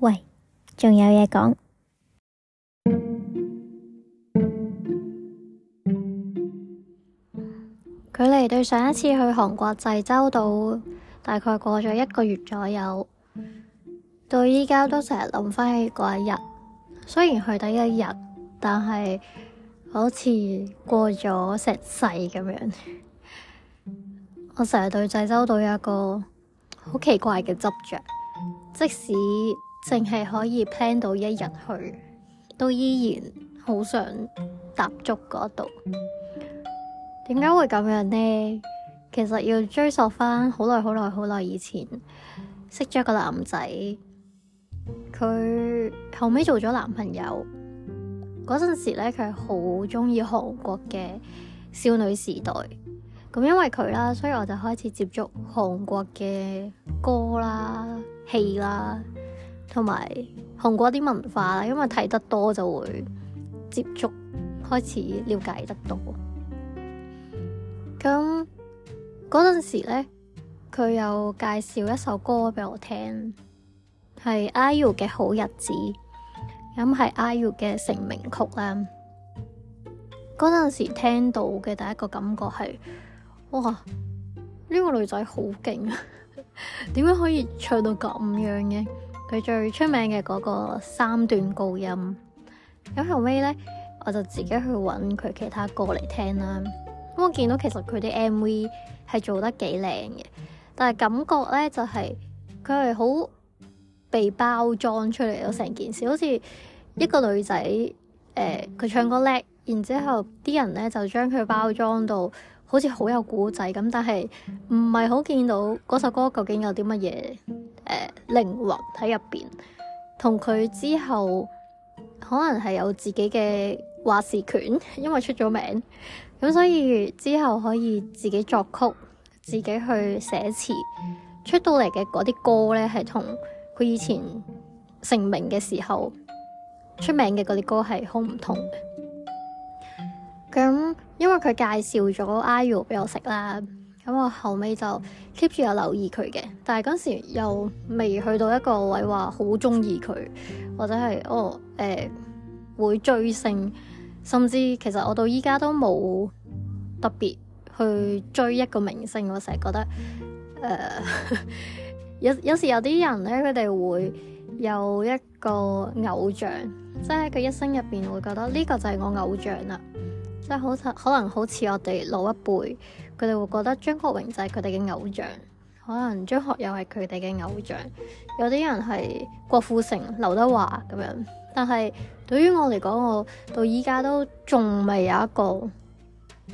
喂，仲有嘢講。距離對上一次去韓國濟州島，大概過咗一個月左右。到依家都成日諗翻起嗰一日，雖然去得一日，但係好似過咗成世咁樣。 我成日對濟州島有一個好奇怪嘅執着，即使。淨係可以 plan 到一日去，都依然好想踏足嗰度。點解會咁樣呢？其實要追溯翻好耐、好耐、好耐以前，識咗一個男仔，佢後尾做咗男朋友嗰陣時咧，佢係好中意韓國嘅少女時代咁，因為佢啦，所以我就開始接觸韓國嘅歌啦、戲啦。同埋韓國啲文化啦，因為睇得多就會接觸，開始了解得多。咁嗰陣時咧，佢有介紹一首歌俾我聽，係 IU 嘅《好日子》，咁係 IU 嘅成名曲啦。嗰陣時聽到嘅第一個感覺係：哇，呢、這個女仔好勁啊！點 解可以唱到咁樣嘅？佢最出名嘅嗰個三段高音，咁後尾呢，我就自己去揾佢其他歌嚟聽啦。咁我見到其實佢啲 MV 係做得幾靚嘅，但係感覺呢，就係佢係好被包裝出嚟咯。成件事好似一個女仔誒，佢、呃、唱歌叻，然之後啲人呢就將佢包裝到，好似好有古仔咁，但係唔係好見到嗰首歌究竟有啲乜嘢誒靈魂喺入邊。同佢之後可能係有自己嘅話事權，因為出咗名咁，所以之後可以自己作曲，自己去寫詞，出到嚟嘅嗰啲歌呢，係同佢以前成名嘅時候出名嘅嗰啲歌係好唔同咁。因為佢介紹咗 IU 俾我食啦，咁我後尾就 keep 住有留意佢嘅，但係嗰時又未去到一個位話好中意佢，或者係哦誒、呃、會追星，甚至其實我到依家都冇特別去追一個明星，我成日覺得誒、呃、 有有時有啲人咧，佢哋會有一個偶像，即係佢一生入邊會覺得呢、呢個就係我偶像啦。即係好可能好似我哋老一輩，佢哋會覺得張國榮就係佢哋嘅偶像，可能張學友係佢哋嘅偶像，有啲人係郭富城、劉德華咁樣。但係對於我嚟講，我到依家都仲未有一個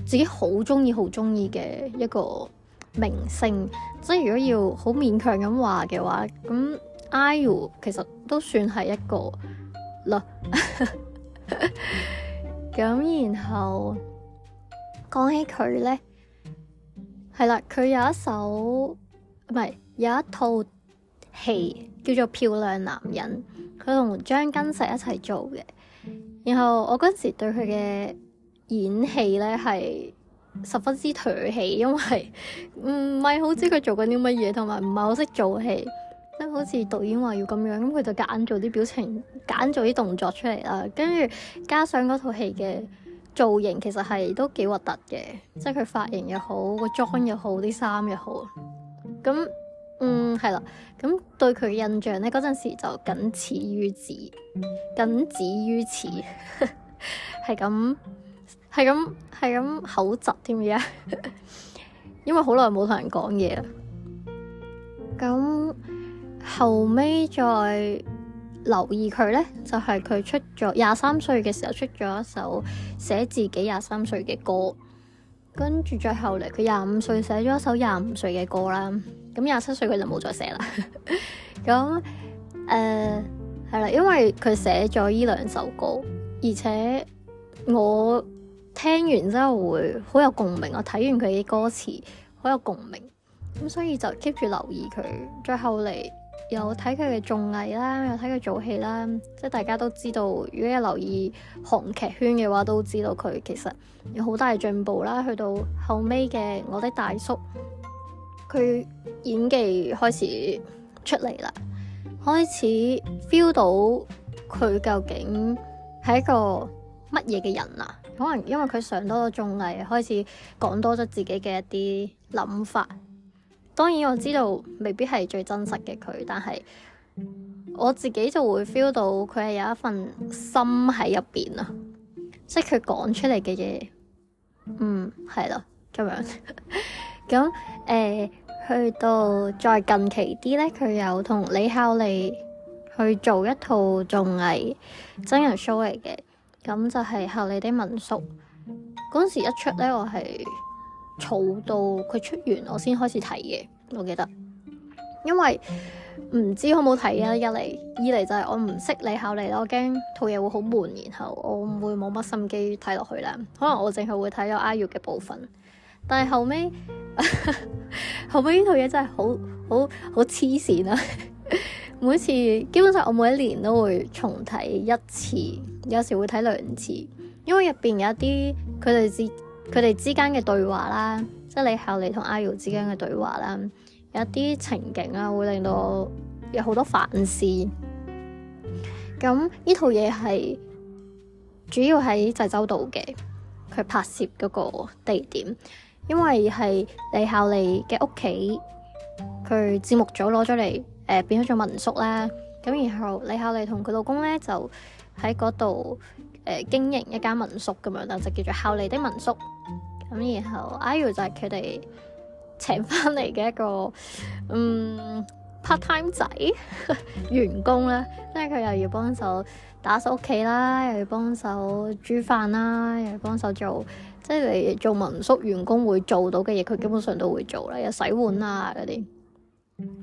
自己好中意、好中意嘅一個明星。即係如果要好勉強咁話嘅話，咁 Iu 其實都算係一個啦。 咁然後講起佢呢，係啦，佢有一首唔係，有一套戲叫做《漂亮男人》，佢同張根碩一齊做嘅。然後我嗰陣時對佢嘅演戲呢係十分之唾棄，因為唔係好知佢做緊啲乜嘢，同埋唔係好識做戲。咁好似導演話要咁樣，咁佢就揀做啲表情，揀做啲動作出嚟啦。跟住加上嗰套戲嘅造型，其實係都幾核突嘅，即係佢髮型又好，個妝又好，啲衫又好。咁，嗯，係啦。咁對佢印象咧，嗰陣時就僅此於此，僅止於此。係 咁，係咁，係咁口窒添嘅， 因為好耐冇同人講嘢啦。咁。後尾再留意佢呢，就係佢出咗廿三歲嘅時候出咗一首寫自己廿三歲嘅歌，跟住再後嚟佢廿五歲寫咗一首廿五歲嘅歌啦。咁廿七歲佢就冇再寫啦。咁誒，係啦，因為佢寫咗依兩首歌，而且我聽完之後會好有共鳴，我睇完佢嘅歌詞好有共鳴，咁所以就 keep 住留意佢。再後嚟。有睇佢嘅綜藝啦，有睇佢做戲啦，即係大家都知道，如果有留意韓劇圈嘅話，都知道佢其實有好大嘅進步啦。去到後尾嘅我的大叔，佢演技開始出嚟啦，開始 feel 到佢究竟係一個乜嘢嘅人啊。可能因為佢上多咗綜藝，開始講多咗自己嘅一啲諗法。當然我知道未必係最真實嘅佢，但係我自己就會 feel 到佢係有一份心喺入邊啊，即係佢講出嚟嘅嘢，嗯，係啦，咁樣咁誒、 呃，去到再近期啲咧，佢有同李孝利去做一套綜藝真人 show 嚟嘅，咁就係孝利的民宿。嗰時一出咧，我係。儲到佢出完，我先開始睇嘅，我記得，因為唔知好唔好睇啊，一嚟，二嚟就係我唔識你考慮啦，我驚套嘢會好悶，然後我唔會冇乜心機睇落去啦，可能我淨係會睇咗 IU 嘅部分，但係後尾， 後尾呢套嘢真係好好好黐線啊！ 每次基本上我每一年都會重睇一次，有時會睇兩次，因為入邊有一啲佢哋自佢哋之間嘅對話啦，即係李孝利同 IU 之間嘅對話啦，有一啲情景啦，會令到有好多反思。咁呢套嘢係主要喺濟州島嘅，佢拍攝嗰個地點，因為係李孝利嘅屋企，佢節目組攞咗嚟，誒、呃、變咗做民宿啦。咁然後李孝利同佢老公咧就喺嗰度誒經營一間民宿咁樣啦，就叫做孝利的民宿。咁、嗯、然後 Iu 就係佢哋請翻嚟嘅一個嗯 part time 仔 員工啦。即係佢又要幫手打掃屋企啦，又要幫手煮飯啦，又要幫手做即係做民宿員工會做到嘅嘢，佢基本上都會做啦，又洗碗啊嗰啲，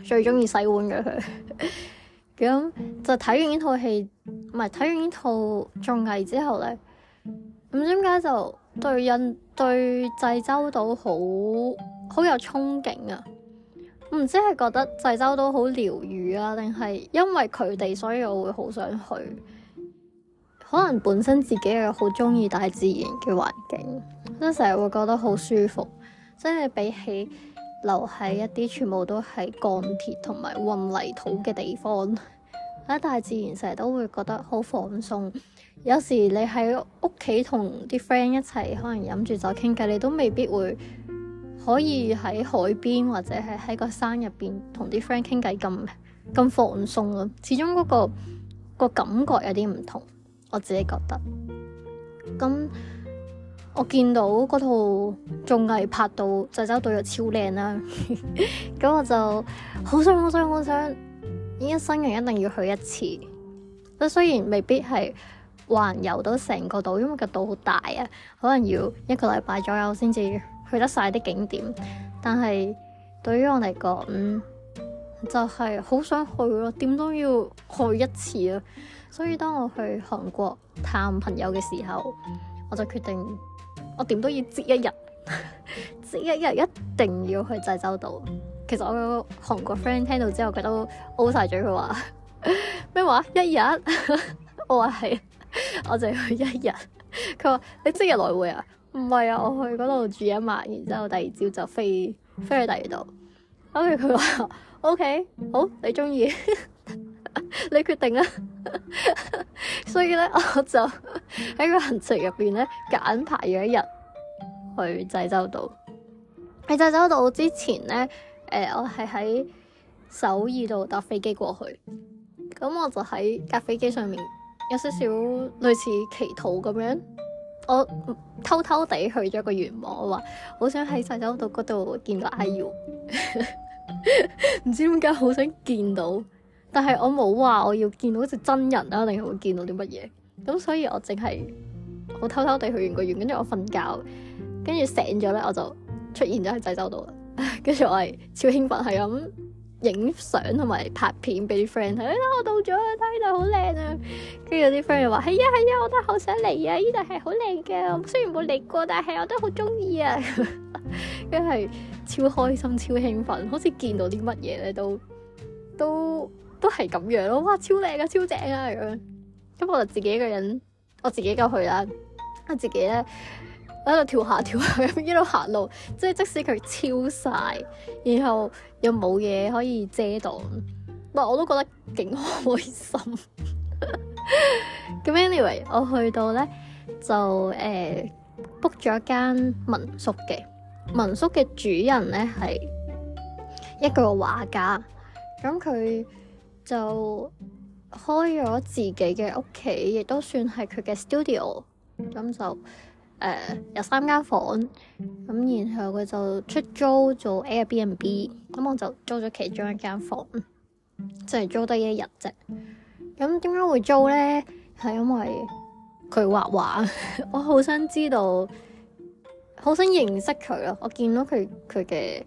最中意洗碗嘅佢、 嗯。咁就睇完呢套戲，唔係睇完呢套綜藝之後咧，咁點解就？對印對濟州島好好有憧憬啊！唔知係覺得濟州島好療愈啊，定係因為佢哋，所以我會好想去。可能本身自己又好中意大自然嘅環境，成日會覺得好舒服。即係比起留喺一啲全部都係鋼鐵同埋混泥土嘅地方，喺大自然成日都會覺得好放鬆。有時你喺屋企同啲 friend 一齊，可能飲住酒傾偈，你都未必會可以喺海邊或者係喺個山入邊同啲 friend 傾偈咁咁放鬆啊。始終嗰、嗰個、嗰個感覺有啲唔同，我自己覺得。咁我見到嗰套綜藝拍到濟州島就超靚啦，啊，咁 我就好想、好想、好想呢一生人一定要去一次。不過雖然未必係，環遊到成個島，因為個島好大啊，可能要一個禮拜左右先至去得晒啲景點。但係對於我嚟講，就係、是、好想去咯，點都要去一次啊！所以當我去韓國探朋友嘅時候，我就決定我點都要節一日，節 一日一定要去濟州島。其實我個韓國 friend 聽到之後，佢都 O 晒嘴，佢 話咩話一日？ 我話係。我就去一日，佢 話你即日來回啊？唔係啊，我去嗰度住一晚，然之後第二朝就飛飛去第二度。跟住佢話 OK，好，你中意， 你決定啦。 所以咧，我就喺個行程入邊咧揀排咗一日去濟州島。喺濟州島之前咧，誒、呃，我係喺首爾度搭飛機過去，咁我就喺架飛機上面。有少少類似祈禱咁樣，我偷偷我 我我我，我偷偷地去咗個願望，我話好想喺濟州度嗰度見到 IU，唔知點解好想見到，但係我冇話我要見到隻真人啊，定係會見到啲乜嘢，咁所以我淨係我偷偷地去完個願，跟住我瞓覺，跟住醒咗咧我就出現咗喺濟州島，跟 住我係超興奮係咁。就是影相同埋拍片俾啲 friend 睇，啊我到咗，睇到好靚啊！跟住、嗯、有啲 friend 又話：係啊係啊，我都好想嚟啊！呢度係好靚嘅，雖然冇嚟過，但係我都好中意啊！跟、嗯、住 超開心、超興奮，好似見到啲乜嘢咧都都都係咁樣咯，哇！超靚啊，超正啊！咁咁我就自己一個人，我自己夠去啦。我自己咧喺度跳下跳下咁一路行路，即、就、係、是、即使佢超晒。然後。又冇嘢可以遮到，不過我都覺得勁開心。 咁 anyway，我去到呢，就誒 book 咗間民宿嘅，民宿嘅主人呢係一個畫家，咁佢就開咗自己嘅屋企，亦都算係佢嘅 studio，咁就。誒、uh，有三間房咁，然後佢就出租做 Airbnb 咁，我就租咗其中一間房，即係租得一日啫。咁點解會租呢？係因為佢畫畫， 我好想知道，好想認識佢咯。我見到佢佢嘅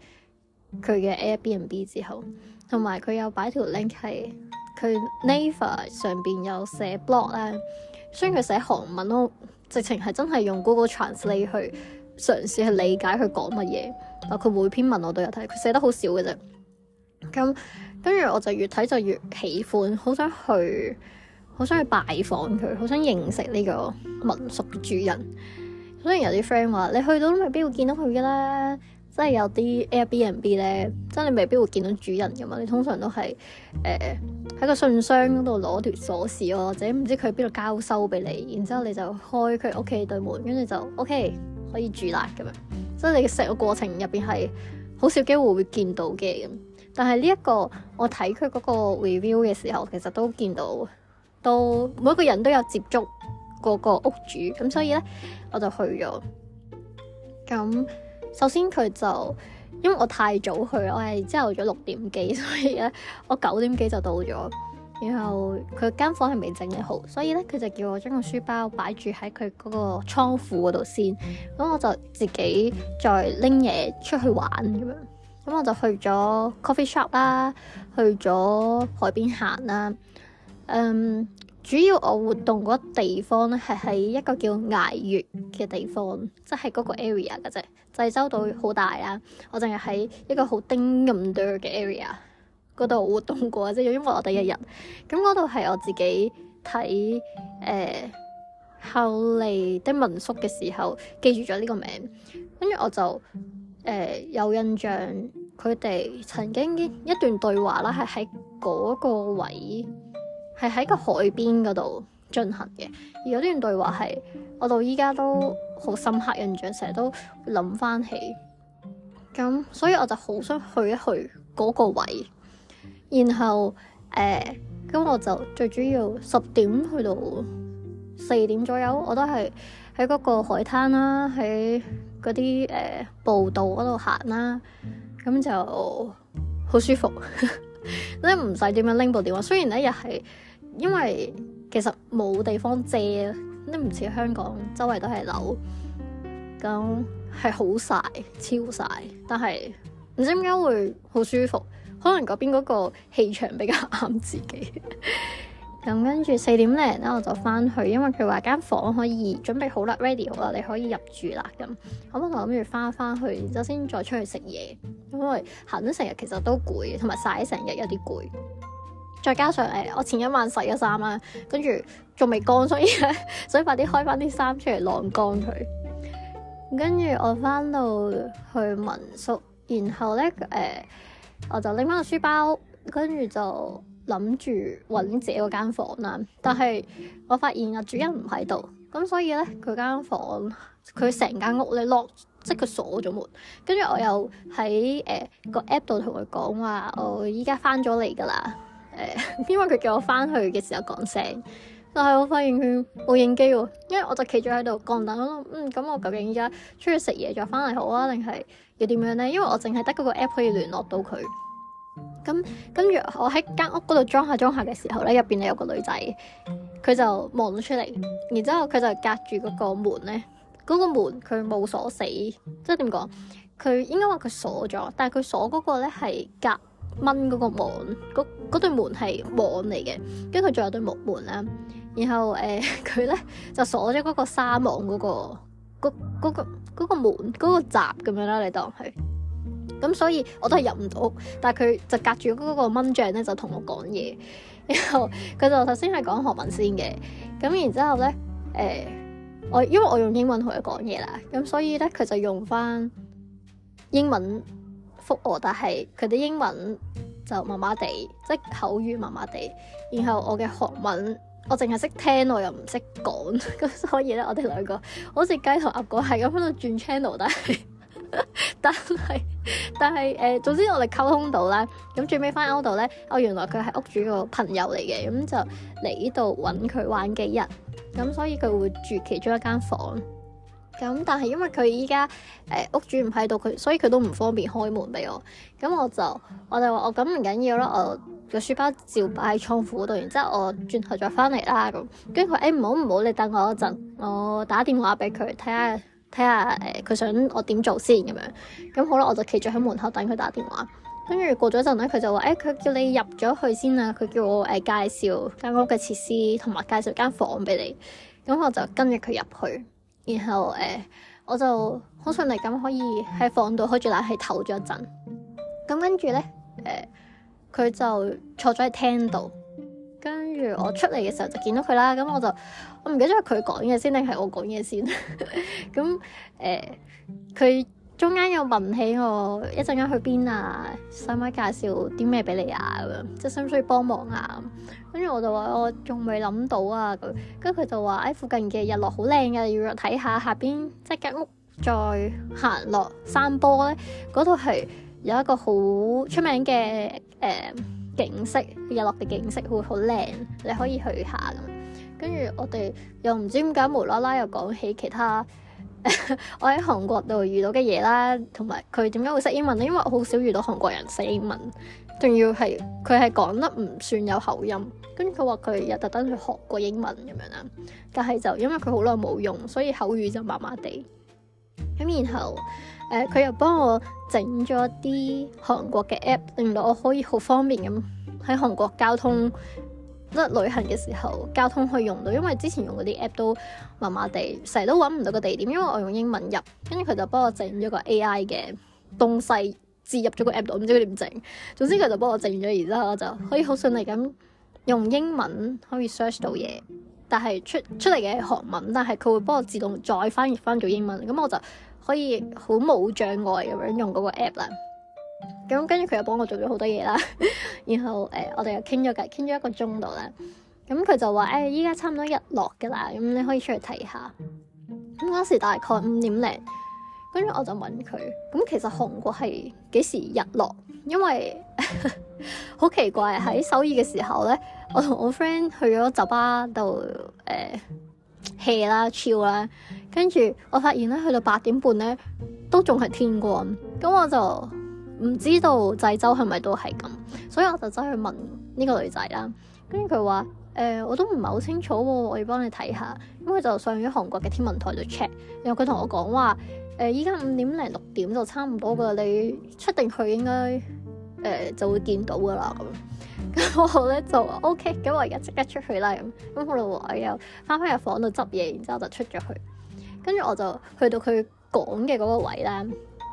佢嘅 Airbnb 之後，同埋佢有擺條 link 喺佢 Naver 上邊有寫 blog 咧，雖然佢寫韓文咯。直情係真係用 Google Translate 去嘗試去理解佢講乜嘢，但佢每篇文我都有睇，佢寫得好少嘅啫。咁跟住我就越睇就越喜歡，好想去，好想去拜訪佢，好想認識呢個民宿嘅主人。雖然有啲 friend 話：你去到都未必會見到佢嘅啦。即係有啲 Airbnb 咧，即係你未必會見到主人噶嘛。你通常都係誒喺個信箱嗰度攞條鎖匙咯，啊，或者唔知佢邊度交收俾你，然之後你就開佢屋企對門，跟住就 OK 可以住啦咁樣。即係你成個過程入邊係好少機會會見到嘅。但係呢一個我睇佢嗰個 review 嘅時候，其實都見到都每一個人都有接觸嗰個屋主咁，所以咧我就去咗咁。首先佢就因為我太早去，我係朝頭早六點幾，所以咧我九點幾就到咗。然後佢間房係未整理好，所以咧佢就叫我將個書包擺住喺佢嗰個倉庫嗰度先。咁我就自己再拎嘢出去玩咁樣。咁我就去咗 coffee shop 啦，去咗海邊行啦。嗯。主要我活動嗰地方咧，係喺一個叫崖月嘅地方，即係嗰個 area 㗎啫。濟州島好大啊，我淨係喺一個好丁咁多嘅 area 嗰度活動過，即係因為我哋一日咁嗰度係我自己睇誒、呃、後嚟的民宿嘅時候記住咗呢個名，跟住我就誒、呃、有印象佢哋曾經一段對話啦，係喺嗰個位。係喺個海邊嗰度進行嘅，而嗰段對話係我到依家都好深刻印象，成日都諗翻起。咁所以我就好想去一去嗰個位，然後誒，咁、呃、我就最主要十點去到四點左右，我都係喺嗰個海灘啦、啊，喺嗰啲誒步道嗰度行啦、啊，咁就好舒服，你唔使點樣拎部電話，雖然咧又係。因為其實冇地方遮，你唔似香港周圍都係樓，咁係好曬，超曬。但係唔知點解會好舒服，可能嗰邊嗰個氣場比較啱自己。咁跟住四點零咧，我就翻去，因為佢話間房可以準備好啦，ready 好啦，你可以入住啦。咁咁我諗住翻返去，然之後先再出去食嘢，因為行咗成日其實都攰，同埋晒成日有啲攰。再加上誒、呃，我前一晚洗咗衫啦，跟住仲未乾，所以咧， 所以快啲開翻啲衫出嚟晾乾佢。跟住我翻到去民宿，然後咧誒、呃，我就拎翻個書包，跟住就諗住揾自己嗰間房啦。但係我發現啊，主人唔喺度，咁所以咧，佢間房佢成間屋咧，落即係佢鎖咗門。跟住我又喺誒、呃、個 app 度同佢講話，我依家翻咗嚟㗎啦。誒，因為佢叫我翻去嘅時候講聲，但係我發現佢冇應機喎，因為我就企咗喺度講，但係嗯，咁我究竟而家出去食嘢再翻嚟好啊，定係要點樣咧？因為我淨係得嗰個 app 可以聯絡到佢。咁跟住我喺間屋嗰度裝下裝下嘅時候咧，入邊有個女仔，佢就望咗出嚟，然之後佢就隔住嗰個門咧，嗰、嗰個門佢冇鎖死，即係點講？佢應該話佢鎖咗，但係佢鎖嗰個咧係隔。蚊嗰個網，嗰嗰對門係網嚟嘅，跟住佢仲有對木門啦。然後誒佢咧就鎖咗嗰個紗網嗰個嗰嗰個嗰個門嗰個閘咁樣啦，你當佢，咁所以我都係入唔到屋，但係佢就隔住嗰個蚊帳咧就同我講嘢。然後佢就頭先係講韓文先嘅，咁然之後咧誒、欸、我因為我用英文同佢講嘢啦，咁所以咧佢就用翻英文，復我，但係佢啲英文就麻麻地，即係口語麻麻地。然後我嘅韓文，我淨係識聽，我又唔識講。咁 所以咧，我哋兩個好似雞同鴨講，係咁喺度轉 channel，但係 但係但係誒、呃，總之我哋溝通到啦。咁最尾翻歐度咧，我原來佢係屋主個朋友嚟嘅，咁就嚟呢度揾佢玩幾日。咁所以佢會住其中一間房。咁但係因為佢依家，誒屋主唔喺度，佢所以佢都唔方便開門俾我。咁我就我就話我咁唔緊要啦，我個書包照擺喺倉庫度，然之後我轉頭再翻嚟啦。咁跟住佢話誒，唔好唔好，你等我一陣，我打電話俾佢睇下睇下誒，佢、呃、想我點做先咁樣。咁好啦，我就企咗喺門口等佢打電話。跟住過咗陣咧，佢就話誒，佢、欸、叫你入咗去先啊，佢叫我誒、呃、介紹間屋嘅設施同埋介紹間房俾你。咁我就跟住佢入去。然後誒、呃，我就好順利咁可以喺房度開住冷氣唞咗一陣。咁跟住咧，誒、呃，佢就坐咗喺廳度。跟住我出嚟嘅時候就見到佢啦。咁我就我唔記得咗佢講嘢先定係我講嘢先。咁 誒，佢、呃。中間又問起我一陣間去邊啊？使咪介紹啲咩俾你啊？咁樣即係使唔需要幫忙啊？跟住我就話我仲未諗到啊，咁跟住佢就話喺 附近嘅日落好靚嘅，要睇下下邊即係間屋再行落山坡咧，嗰度係有一個好出名嘅誒、呃、景色，日落嘅景色會好靚，你可以去下咁。跟住我哋又唔知點解無啦啦 又講起其他。 我喺韓國度遇到嘅嘢啦，同埋佢點解會識英文呢？因為我好少遇到韓國人識英文，仲要係佢係講得唔算有口音，跟住佢話佢又特登去學過英文咁樣啦。但係就因為佢好耐冇用，所以口語就麻麻地。咁然後誒，佢、呃、又幫我整咗啲韓國嘅 app，令到我可以好方便咁喺韓國交通。旅行嘅時候，交通可以用到，因為之前用嗰啲 app 都麻麻地，成日都揾唔到個地點，因為我用英文入，跟住佢就幫我整咗個 AI 嘅東西，置入咗個 app 度，唔知佢點整。總之佢就幫我整咗，然之後我就可以好順利咁用英文可以 search 到嘢，但係出出嚟嘅係韓文，但係佢會幫我自動再翻譯翻做英文，咁我就可以好冇障礙咁樣用嗰個 app 啦。咁跟住佢又幫我做咗好多嘢啦，然後誒、呃，我哋又傾咗偈，傾咗一個鐘度啦。咁佢就話誒，依、哎、家差唔多日落噶啦，咁、嗯、你可以出去睇下。咁、嗯、嗰時大概五點零，跟住我就問佢，咁、嗯、其實韓國係幾時日落？因為好 奇怪喺首爾嘅時候咧，我同我 friend 去咗酒吧度誒 hea 啦，chill 啦，跟住我發現咧去到八點半咧都仲係天光，咁我就。唔知道濟州係咪都係咁，所以我就走去問呢個女仔啦。跟住佢話：誒、呃，我都唔係好清楚喎、哦，我要幫你睇下。咁佢就上咗韓國嘅天文台度 check，然後佢同我講話：誒、呃，依家五點零六點就差唔多噶啦，你出定去應該誒、呃、就會見到噶啦咁。咁我咧就話 OK，咁我而家即刻出去啦咁。咁我咧又翻返入房度執嘢，然之後就出咗去。跟住我就去到佢講嘅嗰個位啦。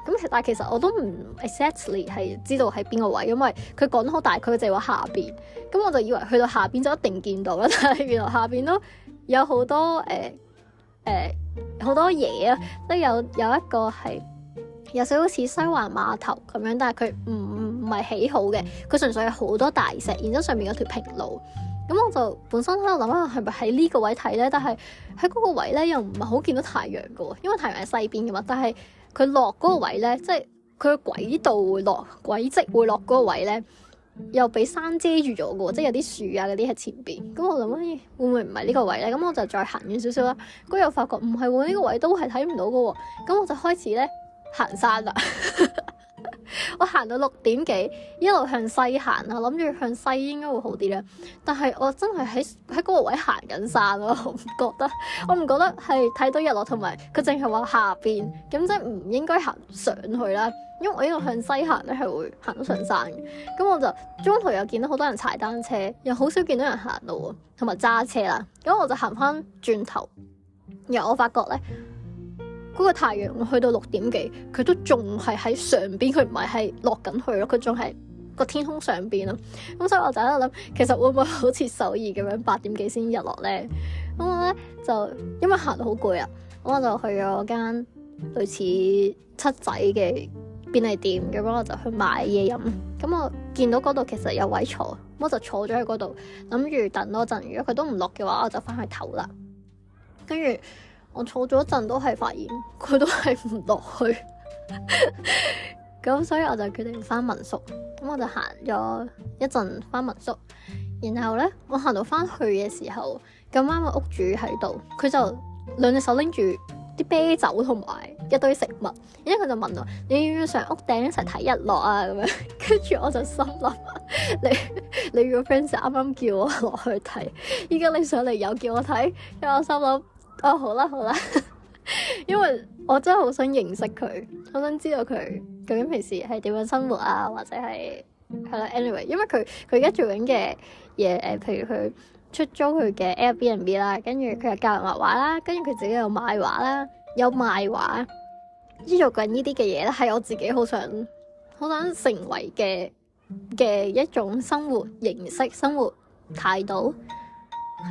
咁但係其實我都唔 exactly 係知道喺邊個位，因為佢講得好大概就係話下邊。咁我就以為去到下邊就一定見到啦，但係原來下邊都有好多誒誒好多嘢啊，都有有一個係有少少似西環碼頭咁樣，但係佢唔唔係起好嘅，佢純粹有好多大石，然之後上面有條平路。咁我就本身喺度諗下係咪喺呢個位睇咧？但係喺嗰個位咧又唔係好見到太陽嘅喎，因為太陽喺西邊嘅嘛。但係佢落嗰個位咧，即係佢嘅軌道會落軌跡會落嗰個位咧，又俾山遮住咗嘅喎，即係有啲樹啊嗰啲喺前邊。咁我諗咦、欸，會唔會唔係呢個位咧？咁我就再行遠少少啦。咁又發覺唔係喎，呢、呢個位都係睇唔到嘅喎、哦。咁我就開始咧行山啦。 我行到六點幾，一路向西行啦，諗住向西應該會好啲咧。但係我真係喺喺嗰個位行緊山咯，我覺得我唔覺得係睇到日落，同埋佢淨係話下邊咁，即係唔應該行上去啦。因為我呢個向西行咧係會行到上山嘅。咁我就中途又見到好多人踩單車，又好少見到人行路，同埋揸車啦。咁我就行翻轉頭，然後我發覺咧。嗰個太陽去到六點幾，佢都仲係喺上邊，佢唔係係落緊去咯，佢仲係個天空上邊啊！咁所以我就喺度諗，其實會唔會好似首爾咁樣八點幾先日落咧？咁我咧就因為行到好攰啊，咁我就去咗間類似七仔嘅便利店咁樣，我就去買嘢飲。咁我見到嗰度其實有位坐，我就坐咗喺嗰度，諗住等多陣。如果佢都唔落嘅話，我就翻去唞啦。跟住。我坐咗一陣都係發現佢都係唔落去， 咁所以我就決定翻民宿。咁我就行咗一陣翻民宿，然後呢，我行到翻去嘅時候，咁啱個屋主喺度，佢就兩隻手拎住啲啤酒同埋一堆食物，然之後佢就問我：你要唔要上屋頂一齊睇日落啊？咁樣跟住我就心諗：你你個 friend 啱啱叫我落去睇，依家你上嚟又叫我睇，咁我心諗。哦，好啦好啦， 因為我真係好想認識佢，好想知道佢究竟平時係點樣生活啊，或者係係啦。anyway，因為佢佢而家做緊嘅嘢誒，譬如佢出租佢嘅 Airbnb 啦，跟住佢又教人畫畫啦，跟住佢自己又賣畫啦，有賣畫、做緊呢啲嘅嘢咧，係我自己好想好想成為嘅嘅一種生活形式、生活態度。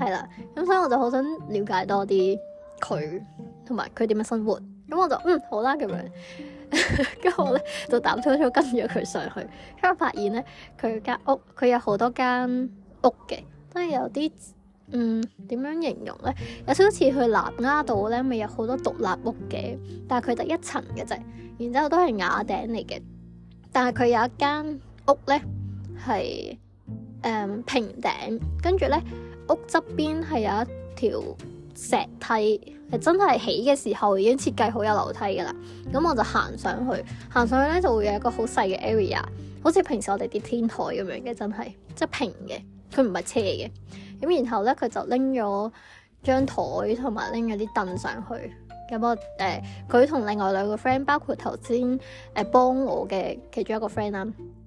係啦，咁所以我就好想了解多啲佢，同埋佢點樣生活。咁我就嗯，好啦，咁樣， 呢淡淡淡淡，跟住我咧就膽粗粗跟住佢上去。跟住我發現咧，佢間屋，佢有好多間屋嘅，都係有啲嗯，點樣形容咧，有少少似去南丫島咧，咪有好多獨立屋嘅，但係佢得一層嘅啫，然之後都係瓦頂嚟嘅。但係佢有一間屋咧係誒平頂，跟住咧。屋側邊係有一條石梯，係真係起嘅時候已經設計好有樓梯噶啦。咁我就行上去，行上去咧就會有一個好細嘅 area，好似平時我哋啲天台咁樣嘅，真係即係平嘅，佢唔係斜嘅。咁然後咧佢就拎咗張台同埋拎咗啲凳上去。咁我誒佢同另外兩個 friend，包括頭先誒幫我嘅其中一個 friend 啦。啊。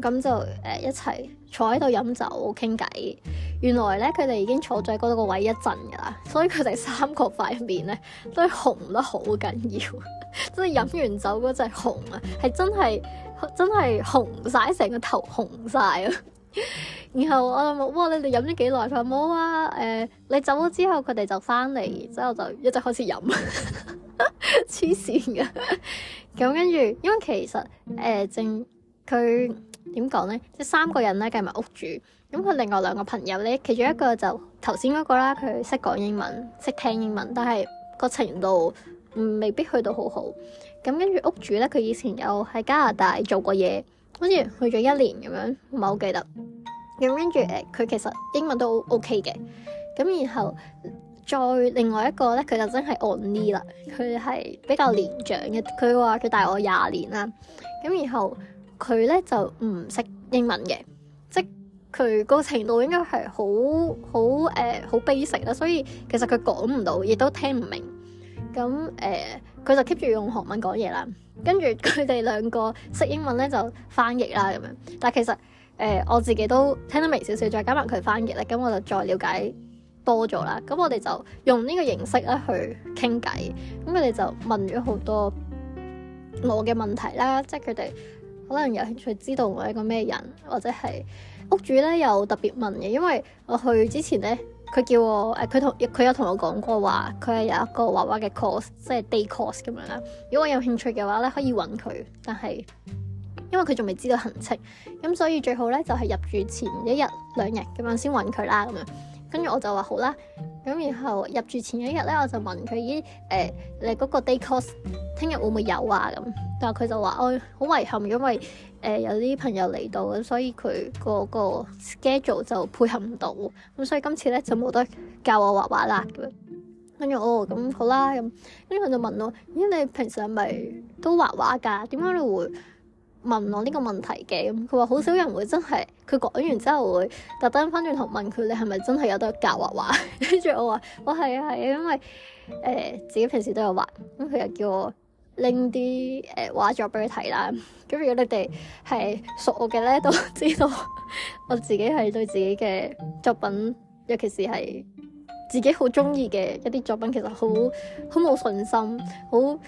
咁就誒、呃、一齊坐喺度飲酒傾偈。原來咧，佢哋已經坐咗喺嗰度個位一陣㗎啦，所以佢哋三個塊面咧都紅得好緊要。即 係飲完酒嗰隻紅啊，係真係真係紅晒成個頭紅晒。 然後我就問：哇，你哋飲咗幾耐？佢話冇啊。誒、呃，你走咗之後，佢哋就翻嚟，之後就一直開始飲。黐線㗎。咁 跟住，因為其實誒、呃、正佢。點講呢？即係三個人咧計埋屋主，咁佢另外兩個朋友呢，其中一個就頭先嗰個啦，佢識講英文，識聽英文，但係個程度未必去到好好。咁跟住屋主呢，佢以前有喺加拿大做過嘢，好似去咗一年咁樣，唔係好記得。咁跟住誒，佢、呃、其實英文都 OK 嘅。咁然後再另外一個呢，佢就真係 only 啦，佢係比較年長嘅，佢話佢大我廿年啦。咁然後。佢咧就唔識英文嘅，即佢個程度應該係好好誒，好悲慘啦，所以其實佢講唔到，亦都聽唔明。咁誒佢就 keep 住用韓文講嘢啦，跟住佢哋兩個識英文咧就翻譯啦咁樣。但係其實誒、呃、我自己都聽得明少少，再加埋佢翻譯咧，咁我就再了解多咗啦。咁我哋就用呢個形式咧去傾偈，咁佢哋就問咗好多我嘅問題啦，即係佢哋。可能有興趣知道我係個咩人，或者係屋主咧有特別問嘅，因為我去之前咧，佢叫我誒，佢同佢有同我講過話，佢係有一個畫畫嘅 course，即係 day course 咁樣啦。如果我有興趣嘅話咧，可以揾佢，但係因為佢仲未知道行程，咁所以最好咧就係、是、入住前一日兩日咁樣先揾佢啦咁樣。跟住我就話好啦，咁然後入住前一日咧，我就問佢咦誒你嗰個 day course 聽日會唔會有啊？咁但係佢就話：「哦，好遺憾，因為誒、呃、有啲朋友嚟到，所以佢嗰個、個 schedule 就配合唔到。咁所以今次咧就冇得教我畫畫啦。咁跟住哦，咁、嗯、好啦，咁跟住佢就問我咦、呃、你平時係咪都畫畫㗎？點解你會？問我呢個問題嘅，咁佢話好少人會真係，佢講完之後會特登返轉頭問佢你係咪真係有得教畫畫？跟 住我話我係呀，係呀，因為誒、呃、自己平時都有畫，咁佢又叫我拎啲誒畫作俾佢睇啦。咁 如果你哋係熟我嘅咧，都知道 我自己係對自己嘅作品，尤其是係自己好中意嘅一啲作品，其實好好冇信心，好。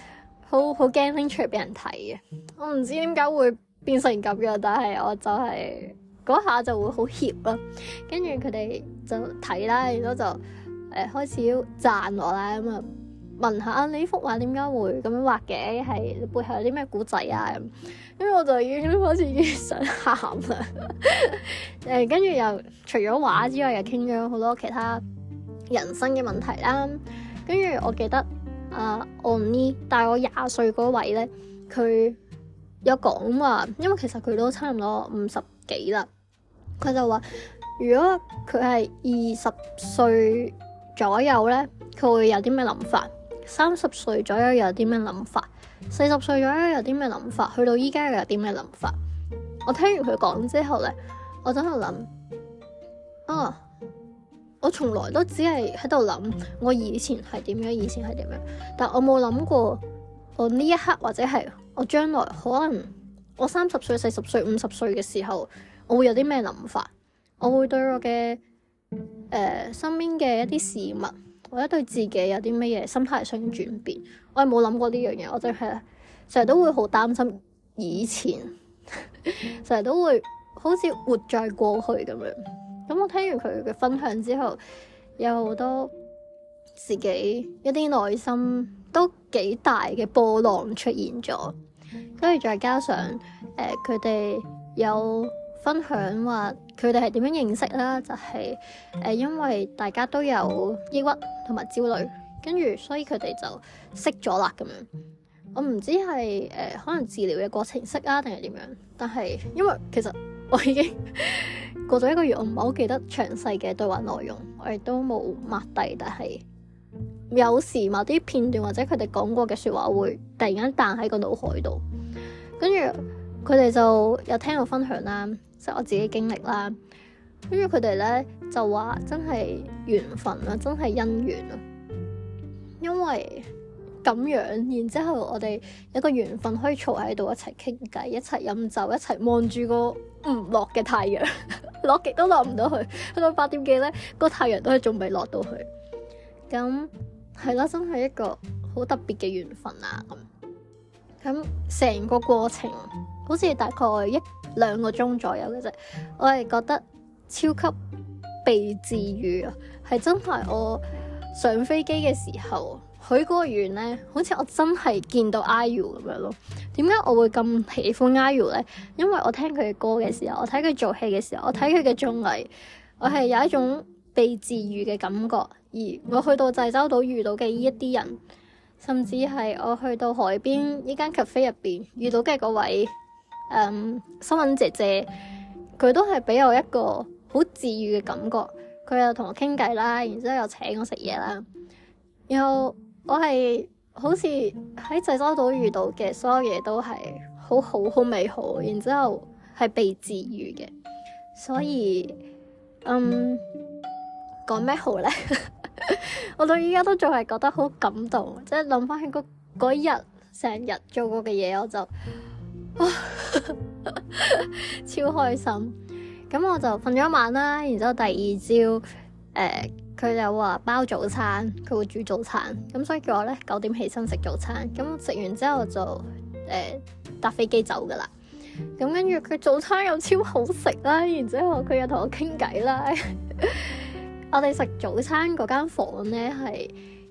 好好驚拎出嚟俾人睇嘅，我唔知點解會變成咁樣，但係我就係、是、嗰下就會好怯咯、啊。跟住佢哋就睇啦，然之後就誒、呃、開始要讚我啦，咁、嗯、啊問下你呢幅畫點解會咁樣畫嘅，係背後有啲咩古仔啊？咁、嗯，跟住我就已經開始已經想喊啦。誒、 嗯，跟住又除咗畫之外，又傾咗好多其他人生嘅問題啦。跟、嗯、住、嗯、我記得。啊，uh, only, 我呢？但係我廿歲嗰位咧，佢有講話，因為其實佢都差唔多五十幾啦。佢就話，如果佢係二十歲左右咧，佢會有啲咩諗法？三十歲左右有啲咩諗法？四十歲左右有啲咩諗法？去到依家又有啲咩諗法？我聽完佢講之後咧，我真係諗，嗯、啊。我從來都只係喺度諗，我以前係點樣，以前係點樣，但我冇諗過我呢一刻或者係我將來，可能我三十歲、四十歲、五十歲嘅時候，我會有啲咩諗法？我會對我嘅誒、呃、身邊嘅一啲事物，或者對自己有啲咩嘢心態上轉變？我係冇諗過呢樣嘢，我即係成日都會好擔心以前，成 日都會好似活在過去咁樣。咁我聽完佢嘅分享之後，有好多自己一啲內心都幾大嘅波浪出現咗，跟住再加上誒，佢、呃、哋有分享話佢哋係點樣認識啦，就係、是、誒、呃，因為大家都有抑鬱同埋焦慮，跟住所以佢哋就識咗啦咁樣。我唔知係誒、呃，可能治療嘅過程識啊，定係點樣？但係因為其實我已經。 過咗一個月，我唔係好記得詳細嘅對話內容，我亦都冇抹低。但係有時某啲片段或者佢哋講過嘅說話，會突然間彈喺個腦海度。跟住佢哋就有聽我分享啦，即係我自己經歷啦。跟住佢哋咧就話真係緣分呀，真係姻緣呀，因為。咁樣，然之後我哋有個緣分可以坐喺度一齊傾偈，一齊飲酒，一齊望住個唔落嘅太陽，落 極都落唔到去。去到八點幾呢，個太陽都係仲未落到去。咁係啦，真係一個好特別嘅緣分啊！咁，成個過程好似大概一兩個鐘左右嘅啫。我係覺得超級被治愈啊，係真係我上飛機嘅時候。佢嗰個園咧，好似我真係見到 IU 咁樣咯。點解我會咁喜歡 IU 咧？因為我聽佢嘅歌嘅時候，我睇佢做戲嘅時候，我睇佢嘅綜藝，我係有一種被治愈嘅感覺。而我去到濟州島遇到嘅依一啲人，甚至係我去到海邊依間 cafe 入邊遇到嘅嗰位，嗯，新聞姐姐，佢都係俾我一個好治愈嘅感覺。佢又同我傾偈啦，然之後又請我食嘢啦，然後。然後我係好似喺濟州島遇到嘅所有嘢都係好好好美好，然之後係被治愈嘅，所以嗯講咩好咧？ 我到依家都仲係覺得好感動，即係諗翻起嗰日成日做過嘅嘢，我就啊 超開心。咁我就瞓咗一晚啦，然之後第二朝誒。呃佢有話包早餐，佢會煮早餐，咁所以叫我咧九點起身食早餐。咁食完之後就誒、呃、搭飛機走㗎啦。咁跟住佢早餐又超好食啦，然之後佢又同我傾偈啦。 我哋食早餐嗰間房咧係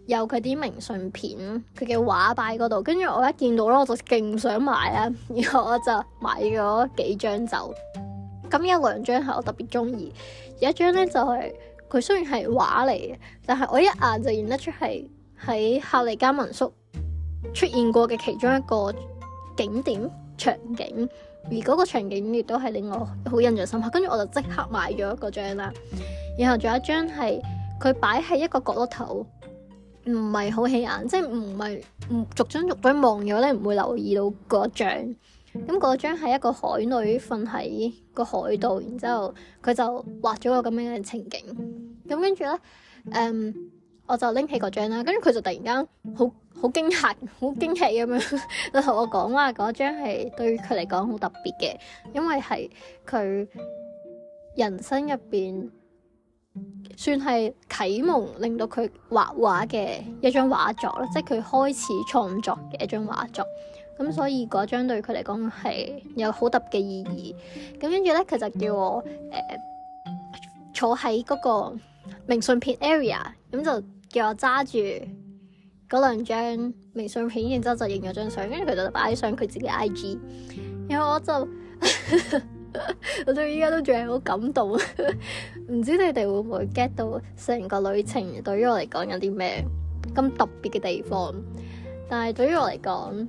有佢啲明信片，佢嘅畫擺嗰度。跟住我一見到咧，我就勁想買啊，然後我就買咗幾張走。咁有兩張係我特別中意，有一張咧就係、是。佢雖然係畫嚟嘅，但係我一眼就認得出係喺孝利家民宿出現過嘅其中一個景點場景。而嗰個場景亦都係令我好印象深刻。跟住我就即刻買咗一個張啦。然後仲有一張係佢擺喺一個角落頭，唔係好起眼，即係唔係唔逐張逐張望咗，話咧，唔會留意到嗰張。咁嗰張係一個海女瞓喺個海度，然之後佢就畫咗個咁樣嘅情景。咁跟住咧，誒、嗯，我就拎起嗰張啦，跟住佢就突然間好好驚訝、好驚喜咁樣， 就同我講話嗰張係對佢嚟講好特別嘅，因為係佢人生入邊算係啟蒙，令到佢畫畫嘅一張畫作啦，即係佢開始創作嘅一張畫作。咁所以嗰張對佢嚟講係有好特別嘅意義。咁跟住咧，佢就叫我誒、呃、坐喺嗰個明信片 area，咁就叫我揸住嗰兩張明信片，然之後就影咗張相，跟住佢就擺上佢自己 IG。然後我就 我到依家都仲係好感動，唔 知你哋會唔會 get 到成個旅程對於我嚟講有啲咩咁特別嘅地方？但係對於我嚟講，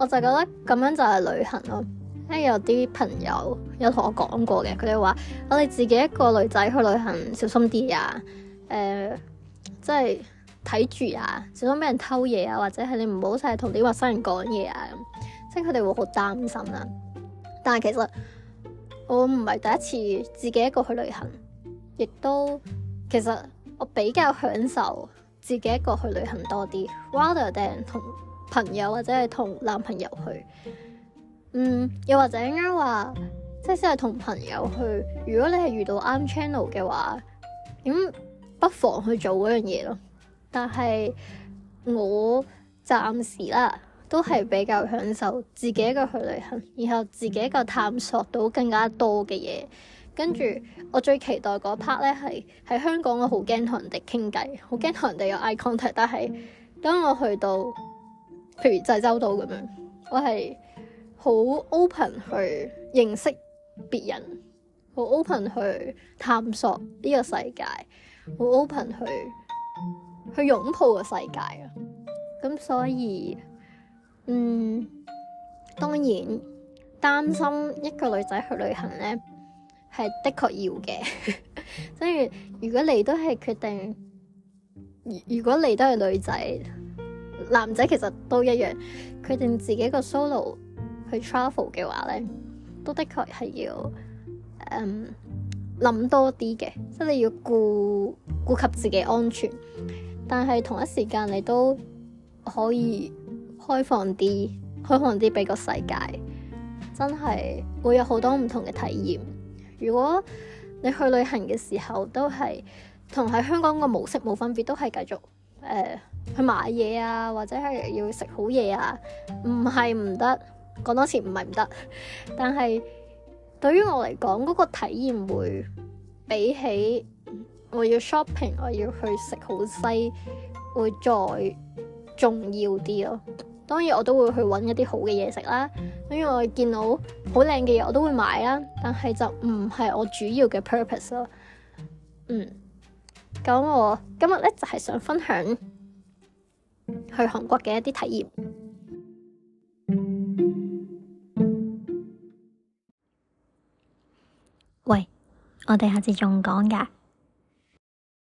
我就覺得咁樣就係旅行咯，因為有啲朋友有同我講過嘅，佢哋話我哋自己一個女仔去旅行小心啲啊，誒、呃，即係睇住啊，小心俾人偷嘢啊，或者係你唔好成日同啲陌生人講嘢啊，即係佢哋會好擔心啦、啊。但係其實我唔係第一次自己一個去旅行，亦都其實我比較享受自己一個去旅行多啲。Rather than 同朋友或者係同男朋友去，嗯，又或者啱話，即係係同朋友去。如果你係遇到啱 channel 嘅話，咁、嗯、不妨去做嗰樣嘢咯。但係我暫時啦，都係比較享受自己一個去旅行，然後自己一個探索到更加多嘅嘢。跟住我最期待嗰 part 咧，係喺香港我好驚同人哋傾偈，好驚同人哋有 eye contact。但係當我去到，譬如濟州島咁樣，我係好 open 去認識別人，好 open 去探索呢個世界，好 open 去去擁抱個世界咯。咁所以，嗯，當然擔心一個女仔去旅行呢係的確要嘅。跟 住，如果你都係決定，如如果你都係女仔。男仔其實都一樣，決定自己個 solo 去 travel 嘅話呢，都的確係要嗯諗多啲嘅，即你要顧顧及自己安全。但係同一時間你都可以開放啲、開放啲俾個世界，真係會有好多唔同嘅體驗。如果你去旅行嘅時候都係同喺香港個模式冇分別，都係繼續誒。呃去買嘢啊，或者係要食好嘢啊，唔係唔得，講多次唔係唔得。但係對於我嚟講，嗰個體驗會比起我要 shopping，我要去食好西會再重要啲咯。當然我都會去揾一啲好嘅嘢食啦，所以我見到好靚嘅嘢我都會買啦，但係就唔係我主要嘅 purpose 咯。嗯，咁我今日咧就係想分享。去韓國嘅一啲體驗。喂，我哋下次仲講㗎。